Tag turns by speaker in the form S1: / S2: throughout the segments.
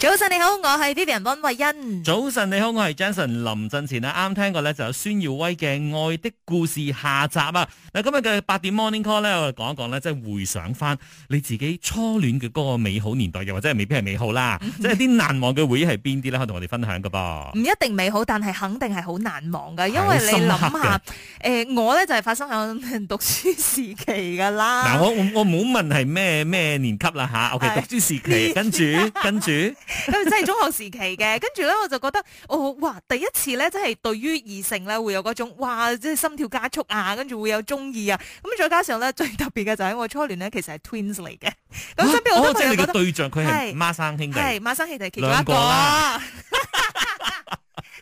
S1: 早晨你好，我係 Vivian 溫慧欣。
S2: 早晨你好，我係 Johnson 林振前啦。啱聽過咧就有孫耀威嘅《愛的故事》下集啊。嗱，今日嘅八點 Morning Call 咧，我哋講一講咧，即係回想翻你自己初戀嘅嗰個美好年代，又或者係未必係美好啦，即係啲難忘嘅回憶係邊啲咧？ 可以同我哋分享噶噃？
S1: 唔一定美好，但係肯定係好難忘嘅。因為你諗下，誒、呃，我咧就係發生喺讀書時期噶啦。嗱、啊，
S2: 我我我冇問係咩咩年級啦吓。啊、o、okay, K， 讀書時期，跟住 跟住。
S1: 佢 真係中學時期嘅，跟住咧我就覺得，哦，哇，第一次咧真係對於異性咧會有嗰種，哇，即係心跳加速啊，跟住會有中意啊。咁再加上咧最特別嘅就喺我初戀咧，其實係 twins 嚟嘅。咁、啊、身邊好多朋友、哦、你對象佢係孖
S2: 生兄弟，孖
S1: 生兄弟，其中一個啦，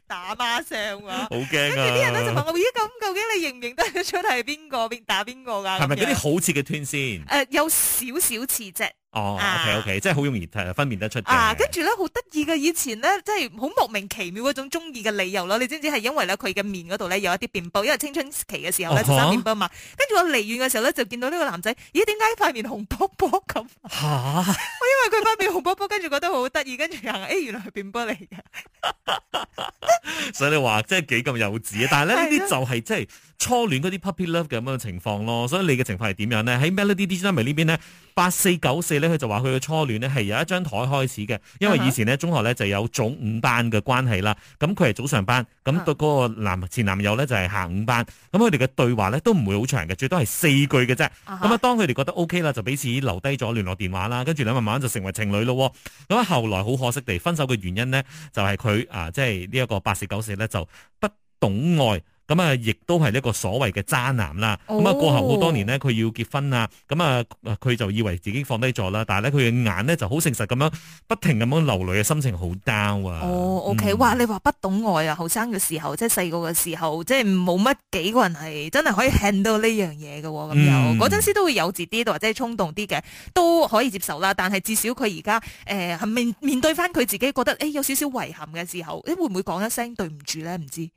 S2: 打孖生啊，好驚。跟住啲人咧就問
S1: 我：咦，咁究竟你認唔認得個出係邊個？邊打邊個噶？係咪嗰啲
S2: 好似嘅 twins 先？
S1: 誒，有少少似啫。
S2: 哦、oh,，OK OK、啊、即係好容易分辨得出嘅。啊，
S1: 跟住咧好得意嘅，以前咧即係好莫名其妙嗰種中意嘅理由咯。你知唔知係因為咧佢嘅面嗰度咧有一啲變波，因為青春期嘅時候咧就生變波嘛。跟、啊、住我離遠嘅時候咧就見到呢個男仔，咦？點解塊面紅卜卜咁？吓、啊！我因為佢塊面紅卜卜，跟住覺得好得意，跟住行誒，原來係變波嚟
S2: 嘅。 所以你話即係幾咁幼稚啊！但係咧呢啲就係即係。初戀嗰啲 puppy love 嘅咁樣嘅情況咯，所以你嘅情況係點樣呢？喺 Melody dj 咪呢邊咧，八四九四咧，佢就話佢嘅初戀呢係由一張台開始嘅，因為以前呢，中學咧就有早午班嘅關係啦，咁佢係早上班，咁到嗰個男前男友咧就係下午班，咁佢哋嘅對話咧都唔會好長嘅，最多係四句嘅啫。咁啊，當佢哋覺得 OK 啦，就彼此留低咗聯絡電話啦，跟住咧慢慢就成為情侶咯。咁啊，後來好可惜地分手嘅原因呢，就係佢啊，即係呢一個八四九四咧就不懂愛。咁啊，亦都係呢個所謂嘅渣男啦。咁、哦、啊，過後好多年呢，佢要結婚啊。咁啊，佢就以為自己放低咗啦。但係咧，佢嘅眼咧就好誠實咁樣，不停咁樣流淚嘅心情好 down 啊、哦。
S1: 哦，OK、嗯、哇！你話不懂愛啊，後生嘅時候，即係細個嘅時候，即係冇乜幾個人係真係可以 handle 呢樣嘢嘅。咁樣嗰陣時都會幼稚啲，或者係衝動啲嘅，都可以接受啦。但係至少佢而家誒係面面對翻佢自己，覺得誒有少少遺憾嘅時候，誒會唔會講一聲對唔住咧？唔知睇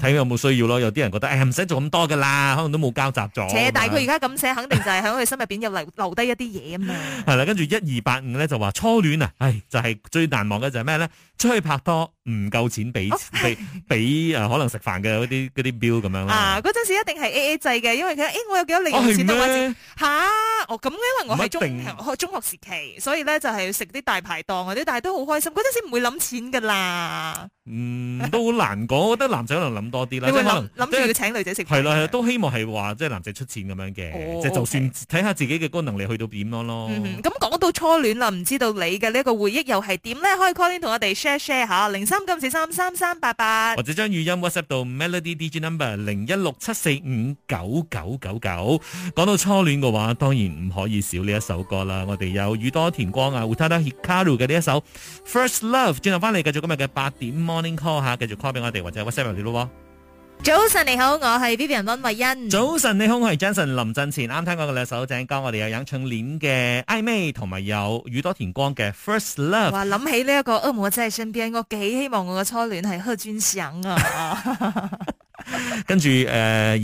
S2: 佢、嗯、有冇需要。咯，有啲人覺得誒唔使做咁多噶啦，可能都冇交集咗。且但係佢而家
S1: 咁寫，肯定就係喺佢心入邊又留留低一啲嘢啊嘛。
S2: 係 啦，跟住一二八五咧就話初戀啊，誒就係、係、最難忘嘅就係咩咧？出去拍拖。唔夠錢俾俾誒，可能食飯嘅嗰啲嗰啲表咁樣啊，
S1: 嗰陣時一定係 A A 制嘅，因為佢誒、欸，我有幾多零用錢啊，或吓、啊，哦咁，因為我喺中學中學時期，所以咧就係食啲大排檔嗰啲，但係都好開心。嗰陣時唔會諗錢噶啦，嗯，都
S2: 好難講。 我覺得男仔可能諗多啲啦，你可能諗住
S1: 要請女仔食，係啦
S2: 係都希望係話即係男仔出錢咁樣嘅，即、哦、就算睇下自己嘅功能你去到點樣咯。
S1: 咁、嗯、講到初戀啦，唔知道你嘅呢、這個回憶又係點咧？可以 call 同我哋 share share 下。三九四三三三八八，
S2: 或者將語音 WhatsApp 到 Melody DJ Number 零一六七四五九九九九。講到初戀嘅話，當然唔可以少呢一首歌啦。我哋有宇多田光啊、Utada Hikaru 嘅呢一首 First Love。轉頭翻嚟繼續今日嘅八點 Morning Call 吓，繼續 call 俾我哋或者 WhatsApp 落咯。
S1: 早晨你好，我係 Vivian 溫慧欣。
S2: 早晨你好，我係 Jenson 林振前。啱聽過嘅兩首好正歌，我哋有楊千嬅嘅曖昧，同埋有宇多田光嘅 First Love。哇，諗起
S1: 呢一個惡魔在身邊，我幾希望我嘅初戀係賀軍翔啊！
S2: 跟住誒，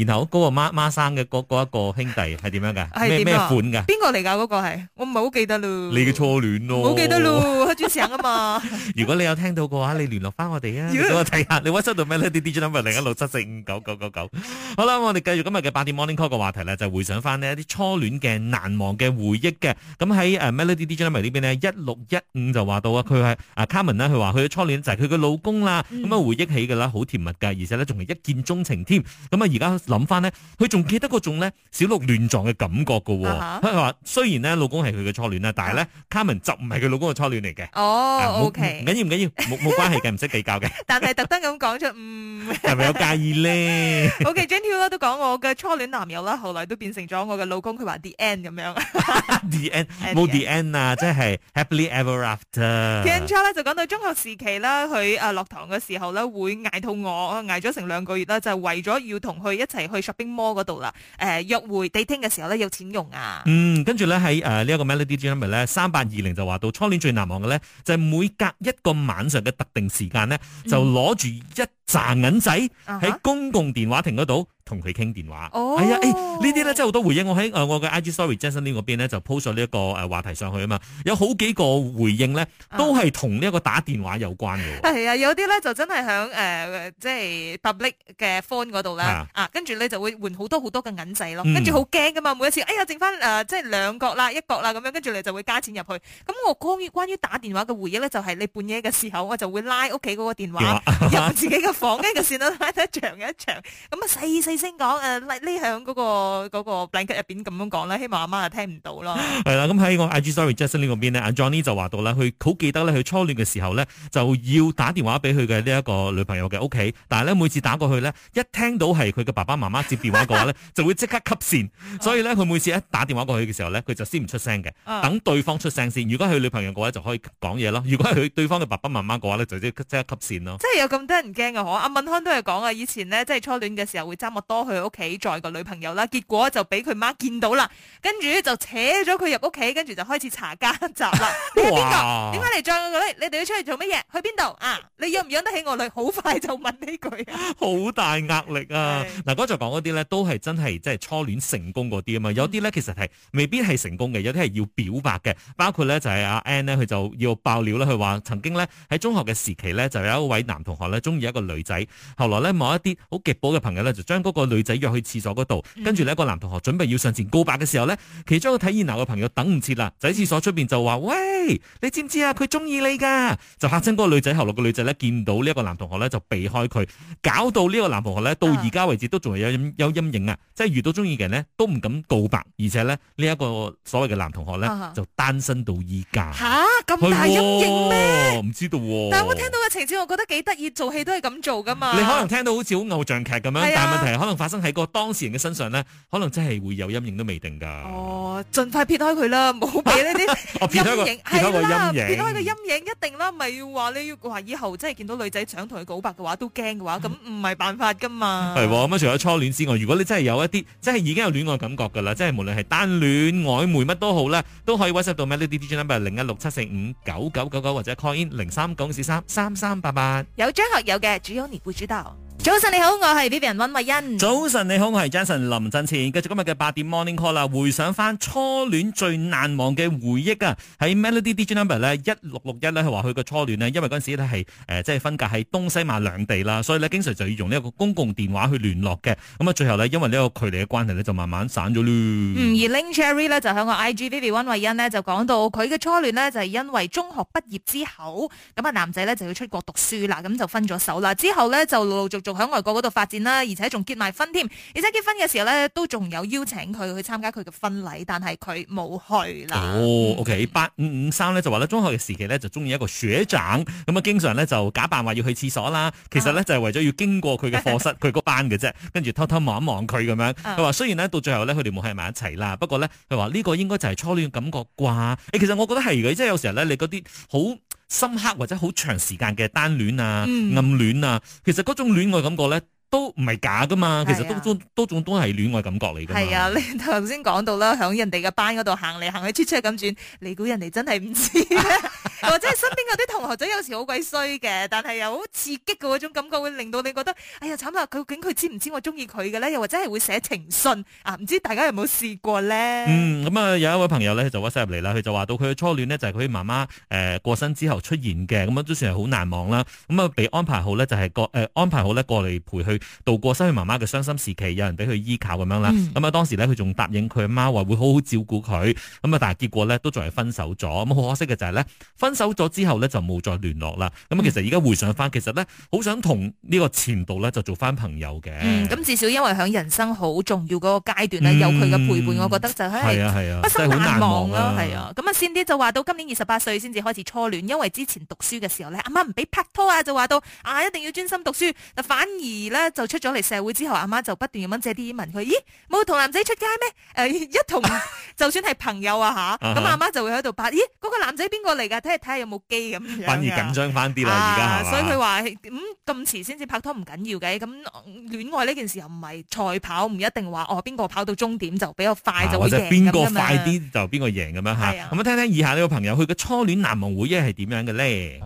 S2: 然後嗰個媽媽生嘅嗰嗰一個兄弟係點樣嘅？咩咩款嘅？邊
S1: 個嚟噶？嗰個係我唔係好記得咯。
S2: 你嘅初戀咯，好記得咯，
S1: 開專場啊嘛。
S2: 如果你有聽到嘅話，你聯絡翻我哋啊，幫我睇下你 WhatsApp 到 Melody DJ number 零一六七四五九九九九。好啦，我哋繼續今日嘅八點 morning call 個話題咧，就回想翻呢一啲初戀嘅難忘嘅回憶嘅。咁喺誒 Melody DJ number 呢邊咧，一六一五就話到啊，佢係阿 Carmen 咧，佢話佢嘅初戀就係佢嘅老公啦。咁啊回憶起噶啦，好甜蜜噶，而且咧仲係一見。中情添，咁啊！而家諗翻咧，佢仲記得嗰種咧小鹿亂撞嘅感覺嘅喎。佢話：雖然咧老公係佢嘅初戀啊，但係咧，卡文就唔係佢老公嘅初戀嚟嘅。哦
S1: ，OK，唔緊
S2: 要唔緊要，冇冇關係嘅，唔識比較嘅。
S1: 但係特登咁講出，嗯，
S2: 係咪有介意咧
S1: ？OK，Jeniu 啦都講我嘅初戀男友啦，後來都變成咗我嘅老公。佢話 The End 咁樣
S2: ，The End 冇 The End 啊，即係 Happily Ever After。Kenzie
S1: 咧就講到中學時期啦，佢啊落堂嘅時候咧會捱到我，捱咗成兩個月啦。就係、是、為咗要同佢一齊去 shopping mall 嗰度啦，誒約會 dating 嘅時候咧有錢用啊！嗯，
S2: 跟住咧喺誒呢一、呃 這個 melody journey 咧，三八二零就話到初戀最難忘嘅咧，就係、是、每隔一個晚上嘅特定時間咧，就攞住一。嗯賺銀仔喺公共電話亭嗰度同佢傾電話，係、哦、啊，誒、哎哎、呢啲咧真係好多回應。我喺誒、呃、我嘅 I G story Jason Lee 嗰邊咧就 post 咗呢一個誒話題上去啊嘛，有好幾個回應咧都係同呢一個打電話有關
S1: 嘅。係、嗯呃、啊，有啲咧就真係響誒即係 public 嘅 phone 嗰度啦啊，跟住你就會換好多好多嘅銀仔咯，跟住好驚噶嘛，每一次，哎呀，剩翻誒、呃、即係兩角啦、一角啦咁樣，跟住你就會加錢入去。咁我關於關於打電話嘅回憶咧，就係、是、你半夜嘅時候，我就會拉屋企嗰個電話，話入自己嘅房。 房嘅個線啦，拉得長嘅一長，咁啊細細聲講，誒匿匿響嗰個嗰個 blanket 入邊咁樣講啦，希望阿媽就聽唔到咯。
S2: 係啦，咁喺我 I G sorry Justin 呢邊咧，阿 Johnny 就話到咧，佢好記得咧，佢初戀嘅時候咧，就要打電話俾佢嘅呢一個女朋友嘅屋企，但係咧每次打過去咧，一聽到係佢嘅爸爸媽媽接電話嘅話咧， 就會即刻吸線，所以咧佢每次一打電話過去嘅時候咧，佢就先唔出聲嘅，等對方出聲先。如果佢女朋友嘅話，就可以講嘢咯；如果佢對方嘅爸爸媽媽嘅話咧，就即即刻吸線咯。
S1: 即係有咁多人驚㗎。阿敏康都係講啊，以前咧即係初戀嘅時候會揸我多去屋企載個女朋友啦，結果就俾佢媽見到啦，跟住就扯咗佢入屋企，跟住就開始查家宅啦。點解邊個？點解嚟？載我女？你哋要出嚟做乜嘢？去邊度啊？你養唔養得起我女？好快就問呢句，啊，
S2: 好大壓力啊！嗱，剛才講嗰啲咧都係真係即係初戀成功嗰啲啊嘛，有啲咧其實係未必係成功嘅，有啲係要表白嘅，包括咧就係阿 Ann 咧，佢就要爆料啦，佢話曾經咧喺中學嘅時期咧就有一位男同學咧中意一個女。女仔，後來咧某一啲好極保嘅朋友咧，就將嗰個女仔約去廁所嗰度，嗯，跟住呢一個男同學準備要上前告白嘅時候呢，其中一個睇熱鬧嘅朋友等唔切啦，就喺廁所出邊就話，喂，你知唔知啊？佢中意你㗎，就嚇親嗰個女仔。後來個女仔呢見到呢一個男同學呢，就避開佢，搞到呢個男同學呢，到而家為止都仲係有有陰影啊！即係遇到中意嘅人呢，都唔敢告白，而且呢，呢一個所謂嘅男同學呢，就單身到依家。吓、啊、咁大陰影咩？唔知道、哦。但係我聽
S1: 到嘅情節，我覺得幾得意，戲做戲都係咁。做噶嘛？你可能
S2: 聽到好似好偶像劇咁樣，是啊、但係問題係可能發生喺個當事人嘅身上咧，可能真係會有陰影都未定㗎。哦，
S1: 盡快撇開佢啦，冇俾呢
S2: 啲撇陰影係、啊、啦，撇開個陰影，
S1: 一定啦，咪要話你要話以後真係見到女仔想同佢告白嘅話都驚嘅話，咁唔係辦法㗎嘛。
S2: 係、嗯、咁、哦、除咗初戀之外，如果你真係有一啲，真係已經有戀愛嘅感覺㗎啦，即係無論係單戀、曖昧乜都好咧，都可以 WhatsApp 到 Melody DJ number 零一六七四五九九九九或者 call in 零三九四三三三八八。
S1: 有張學友嘅。.只有你不知道。
S2: 早晨你好，我係 Vivian 溫慧欣。早晨你好，我係 Jason 林振前。繼續今日嘅八點 Morning Call 啦，回想翻初戀最難忘嘅回憶啊。喺 Melody DJ Number 咧一六六一咧，佢話佢嘅初戀呢，因為嗰陣時咧係誒即係分隔喺東西馬兩地啦，所以呢經常就要用呢個公共電話去聯絡嘅。咁啊最後呢，因為呢個距離嘅關係呢，就慢慢散咗啦。而
S1: Ling Cherry 呢，就喺我 IG Vivian 溫慧欣呢就講到佢嘅初戀呢，就係因為中學畢業之後咁啊男仔呢就要出國讀書啦，咁就分咗手啦。之後呢，就陸陸續續。就喺外國嗰度發展啦，而且仲結埋婚添，而且結婚嘅時候咧，都仲有邀請佢去參加佢嘅婚禮，但係佢冇去啦。
S2: 哦，OK，八五五三咧就話咧，中學嘅時期咧就中意一個學長，咁、嗯、啊經常咧就假扮話要去廁所啦，其實咧就係為咗要經過佢嘅課室，佢、啊、個班嘅啫，跟住偷偷望一望佢咁樣。佢話雖然咧到最後咧佢哋冇喺埋一齊啦，不過咧佢話呢個應該就係初戀感覺啩、欸。其實我覺得係，即係有時候咧你嗰啲好。深刻或者好長時間嘅單戀啊、嗯、暗戀啊，其實嗰種戀愛感覺咧，都唔係假噶嘛，其實都仲多種都係戀愛感覺嚟嘅嘛。係
S1: 啊，你頭先講到啦，響人哋嘅班嗰度行嚟行去，出出咁轉，你估人哋真係唔知咧？ 或者係身邊有啲同學仔有時好鬼衰嘅，但係又好刺激嘅嗰種感覺，會令到你覺得，哎呀慘啦！究竟佢知唔知我中意佢嘅咧？又或者係會寫情信啊？唔知大家有冇試過咧？嗯、咁、
S2: 嗯、啊，有一位朋友咧就 WhatsApp 入嚟啦，佢就話到佢嘅初戀呢，就係佢媽媽誒過身之後出現嘅，咁樣都算係好難忘啦。咁啊被安排好咧就係誒、呃、安排好咧過嚟陪佢。渡過失去媽媽嘅傷心時期，有人俾佢依靠咁樣啦。咁、嗯、啊，當時咧，佢仲答應佢阿媽話會好好照顧佢。咁啊，但係結果呢，都仲係分手咗。咁好可惜嘅就係呢，分手咗之後呢，就冇再聯絡啦。咁其實而家回想翻，其實呢，好想同呢個前度呢，就做翻朋友嘅。咁、
S1: 嗯、至少因為喺人生好重要嗰個階段呢、嗯，有佢嘅陪伴，我覺得就係、是、係啊係啊，畢生難忘咯，係啊。咁、嗯、啊，先啲就話到今年二十八歲先至開始初戀，因為之前讀書嘅時候咧，阿媽唔俾拍拖啊，就話到啊，一定要專心讀書。反而咧。就出咗嚟社會之後，阿媽就不斷咁樣借啲問佢：咦，冇同男仔出街咩？誒、哎，一同 就算係朋友啊嚇，咁阿媽就會喺度拍咦，嗰、那個男仔邊個嚟㗎？睇下睇下有冇機咁。反而緊
S2: 張翻啲啦，而家、啊、所以佢話：
S1: 咁咁遲先至拍拖唔緊要嘅，咁、啊、戀愛呢件事又唔係賽跑，唔一定話哦，邊個跑到終點就比較快、啊、就會贏咁樣。或者邊個快啲
S2: 就邊個贏咁樣嚇。咁啊，啊聽聽以下呢個朋友，佢、uh, 嘅初戀難忘回憶係點樣嘅咧？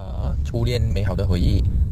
S2: 初戀美好嘅回憶。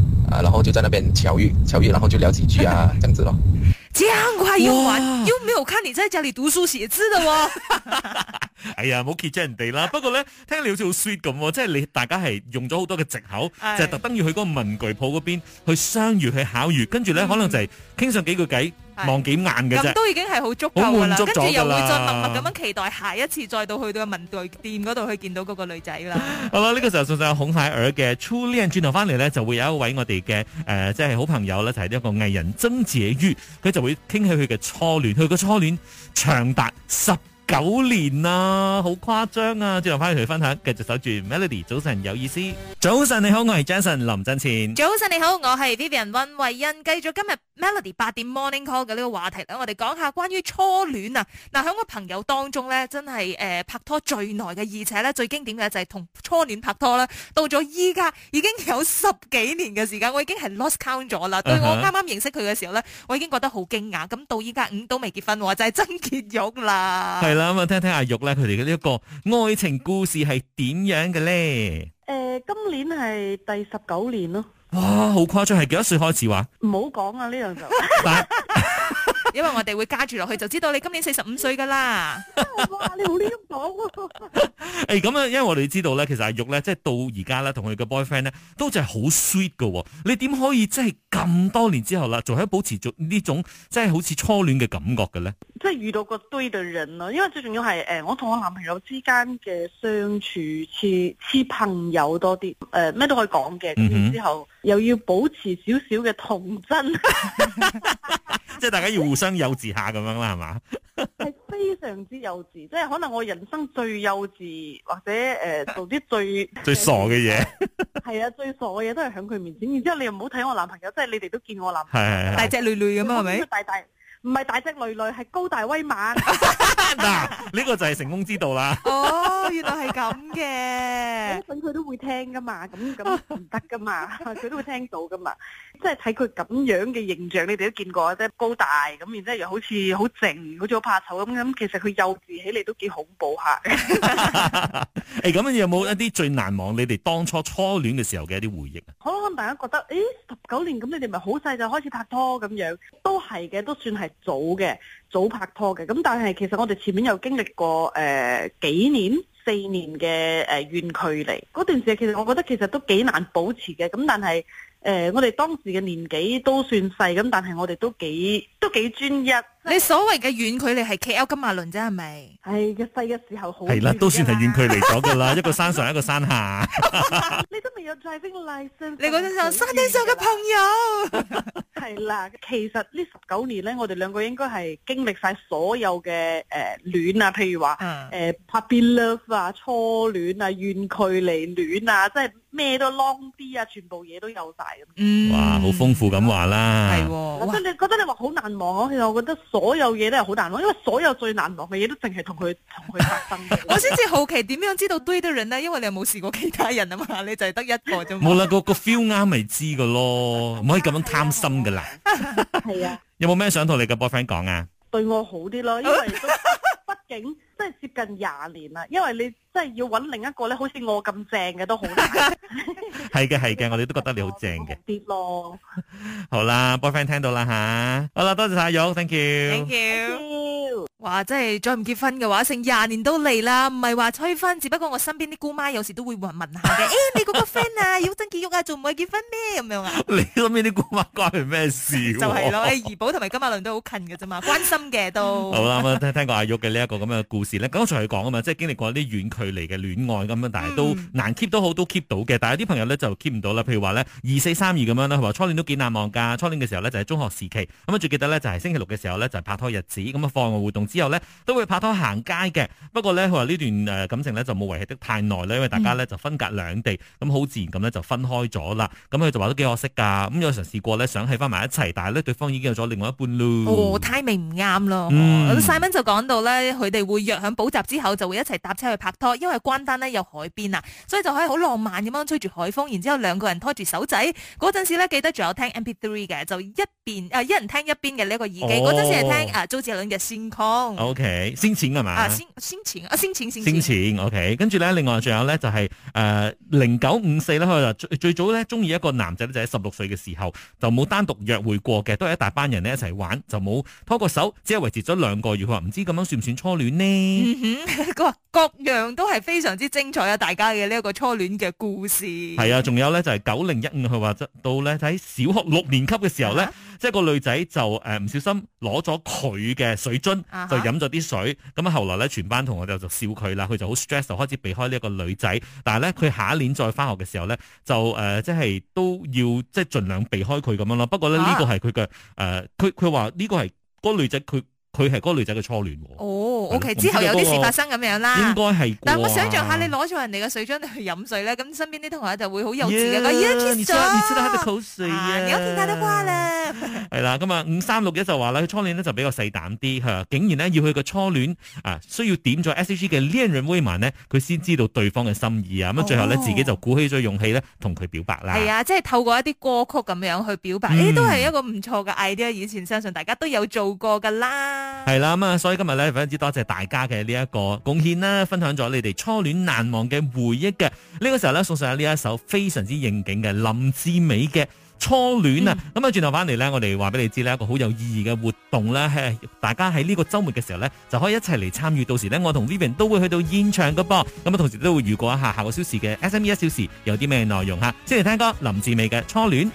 S2: 啊，然後就在那邊巧遇巧遇，然後就聊幾句啊，這樣子咯。
S1: 這樣快要玩又沒有看你在家裏讀書寫字的喎，
S2: 哦。 哎呀，唔好揭咗人哋啦。 不過咧，聽你好似好 sweet 咁，即係你大家係用咗好多嘅藉口，哎，就係、是、特登要去嗰個文具鋪嗰邊去相遇去巧遇，跟住咧、嗯、可能就係傾上幾句偈。望幾眼嘅啫，咁都已
S1: 經係好足夠啦。好滿足，跟住又會再默默咁樣期待下一次，再到去到文具店嗰度去見到嗰個女仔啦。
S2: 好啦，呢、這個時候送上孔太爾嘅初戀。轉頭翻嚟呢，就會有一位我哋嘅誒，即、呃、係、就是、好朋友呢，就係、是、一個藝人曾姐瑜，佢就會傾起佢嘅初戀。佢個初戀長達十九年啊，好誇張啊！轉頭翻嚟同你分享，繼續守住 Melody 早。早晨有意思，早晨你好，我係 Jason 林振前。
S1: 早晨你好，我係 Vivian 溫慧欣。繼續今日。Melody 八點 Morning Call 嘅呢個話題咧，我哋講下關於初戀啊。嗱，響我朋友當中咧，真係誒、呃、拍拖最耐嘅，而且咧，最經典嘅就係同初戀拍拖啦。到咗依家已經有十幾年嘅時間，我已經係 lost count 咗啦。對、uh-huh. 我啱啱認識佢嘅時候咧，我已經覺得好驚訝。咁到依家五都未結婚，就係、是、曾潔玉啦。
S2: 係啦，咁啊聽聽阿玉咧，佢哋嘅呢一個愛情故事係點樣嘅咧？誒、
S3: 呃，今年係第十九年咯。
S2: 哇，好誇張！係幾多歲開始玩？
S1: 唔好講啊呢樣、這個、就。 因為我哋會加住落去，就知道你今年四十五歲噶啦。哇！你好
S2: 呢咁講喎。誒，咁啊，因為我哋知道咧，其實阿玉咧，即係到而家咧，同佢嘅 boyfriend 咧，都就係好 sweet 噶。你點可以即係咁多年之後啦，仲喺保持住呢種即係好似初戀嘅感覺嘅咧？
S3: 即係遇到個對嘅人咯。因為最重要係誒、呃，我同我男朋友之間嘅相處，似似朋友多啲。誒、呃，咩都可以講嘅。之、嗯、後又要保持少少嘅童真。
S2: 即係大家要互相幼稚下咁樣啦，係嘛？
S3: 係非常之幼稚， 即係可能我人生最幼稚，或者誒、呃、做啲最
S2: 最傻嘅嘢，
S3: 呃。係 啊，最傻嘅嘢都係響佢面前。然之後你又唔好睇我男朋友，即、就、係、是、你哋都見我男朋友，係
S2: 係係大隻女女咁啊？咪
S3: 唔係大隻騾騾，係高大威猛。
S2: 嗱、 啊、呢、這個就係成功之道啦。
S3: 哦，原來係咁嘅，信 佢都會聽噶嘛，咁咁唔得噶嘛，佢 都會聽到噶嘛。即係睇佢咁樣嘅形象，你哋都見過即係、就是、高大，咁然之後又好似好靜，好似個怕醜咁咁。其實佢幼稚起嚟都幾恐怖下。
S2: 誒、 欸，咁有冇一啲最難忘你哋當初初戀嘅時候嘅一啲回憶啊？
S3: 大家覺得，誒、哎、十九年咁，你哋咪好細就開始拍拖咁樣，都係嘅，都算係早嘅，早拍拖嘅。咁但係其實我哋前面又經歷過誒、呃、幾年、四年嘅誒、呃、遠距離嗰段時間，其實我覺得其實都幾難保持嘅。咁但係。誒、呃，我哋當時嘅年紀
S1: 都算細咁，但係我哋都幾都幾專一、就是。你所謂嘅遠距離係 KL 金馬倫啫，係咪？係嘅細嘅時候好遠。係啦，都算係遠距離咗噶
S2: 啦， 一個山上一個山下。 你
S1: 都未有 driving license？你講緊上山頂上嘅朋友。
S3: 係 啦，其實這呢十九年咧，我哋兩個應該係經歷晒所有嘅誒戀啊，譬如話誒 puppy love 啊，初戀啊，遠距離戀啊，即係。咩都 long 啲啊，全部嘢都有曬
S2: 咁。哇，好豐富咁話啦。係
S3: 喎，我覺得你覺得你話好難忘，其實我覺得所有嘢都係好難忘，因為所有最
S1: 難忘嘅嘢都淨係同佢同佢發生。我先至好奇點樣知道對的人咧，因為你又冇試過其他人啊嘛，你就係得一個啫。冇啦，
S2: 個個 feel 啱咪知噶咯，唔可以咁樣貪心噶啦。係啊。有冇咩想同你嘅 boyfriend 講啊？
S1: 對我好啲咯，因為
S3: 畢竟。真係接近廿年啦，因為你真係要揾另一個咧，好似我咁正
S1: 嘅都好難。
S2: 係 嘅， 係嘅，我哋都覺得你好正嘅。啲咯。 好啦，boyfriend 聽到啦吓。好啦，多謝晒玉，thank you。
S1: 話真係再唔結婚嘅話，成廿年都嚟啦，唔係話催婚，只不過我身邊啲姑媽有時都會問問下嘅。誒、 哎，你嗰個 friend 啊，要唔要真結啊，做唔會結婚咩？咁
S2: 樣啊？你身邊啲姑媽關佢咩事？就係、是、咯，怡
S1: 保同埋金馬倫都好近嘅啫嘛，關心嘅都 好
S2: 啱啊！我聽聽過阿玉嘅呢一個咁嘅、這個、故事咧，剛才佢講啊嘛，即係經歷過啲遠距離嘅戀愛咁啊，但係都難 keep 都好，都 keep 到嘅。但係有啲朋友咧就 keep 唔到啦，譬如話咧二四三二咁樣啦，佢話初戀都幾難忘噶。初戀嘅時候咧就喺中學時期，咁啊最記得咧就係星期六嘅時候咧就係拍拖日子，咁啊課外活動。之後呢，都會拍拖行街嘅，不過呢，佢話呢段誒感情呢就冇維繫得太耐咧，因為大家呢就分隔兩地，咁、嗯、好、嗯、自然咁呢就分開咗啦。咁佢就話都幾可惜㗎，咁、嗯、有嘗試過呢，想喺返埋一齊，但係呢，對方已經有咗另外一半，太
S1: timing 唔啱咯。細、哦、蚊、嗯、就講到呢，佢哋會約喺補習之後就會一齊搭車去拍拖，因為關丹呢有海邊啊，所以就可以好浪漫咁樣吹住海風，然之後兩個人拖住手仔嗰陣時咧記得仲有聽 MP3 嘅，就一邊誒、呃、一人聽一邊嘅呢個耳機，嗰、哦、陣時係聽周杰、呃、倫嘅《線曲》。Okay.
S2: 先錢，先錢，先錢先錢。先錢, okay. 跟住呢，另外仲有呢，就是，呃 ,0954 呢，佢話最早呢鍾意一個男仔，就喺16歲的時候就冇單獨約會過嘅，都係一大班人呢一齊玩，就冇拖過手，只係維持咗兩個月，佢話唔知咁樣算唔算初戀呢？嗯, hm,
S1: 佢話各樣都係非常之精彩呀，大家嘅呢個初戀嘅故事。係啊，
S2: 仲有呢，就係9015，佢話到呢，喺小學六年級嘅時候呢，即係個女仔就，呃，唔小心，攞咗咗佢嘅水樽就飲咗啲水，咁啊後來咧全班同學就就笑佢啦，佢就好 stress 就開始避開呢一個女仔，但係咧佢下一年再翻學嘅時候咧就誒、呃、即係都要即係盡量避開佢咁樣啦。不過咧呢、啊呢個係佢嘅誒，佢佢話呢個係個、嗰個女仔佢。佢係嗰個女仔嘅初戀喎。
S1: 哦，OK，之後有啲事發生咁樣啦。應該係。但我想象下你，你攞咗人哋嘅水樽去飲水咧，咁身邊啲同學就會好幼稚嘅，我依家跌咗，跌咗喺度口水啊！我見到你瓜啦。
S2: 係啦，今日五三六一就話啦，佢初戀咧就比較細膽啲吓，竟然呢要去嘅初戀啊，需要點咗 S G 嘅 Leonard Wayman 呢，佢先知道對方嘅心意啊，咁最後呢、哦，自己就鼓起咗勇氣咧同佢表白啦。係啊，
S1: 即係透過一啲歌曲咁樣去表白，呢、嗯欸、都係一個唔錯嘅 idea。以前相信大家都有做過噶啦。
S2: 係啦，咁啊，所以今日咧非常之多謝大家嘅呢一個貢獻啦，分享咗你哋初戀難忘嘅回憶嘅。呢、這個時候咧，送上呢一首非常之應景嘅林志美嘅《初、嗯、戀》啊。咁啊，轉頭返嚟咧，我哋話俾你知呢一個好有意義嘅活動啦。係大家喺呢個周末嘅時候咧就可以一齊嚟參與。到時咧，我同 Vivian 都會去到現場噶噃。咁啊，同時都會預告一下下個小時嘅 S M E 一小時有啲咩內容吓。先嚟聽歌，林志美嘅《初戀》。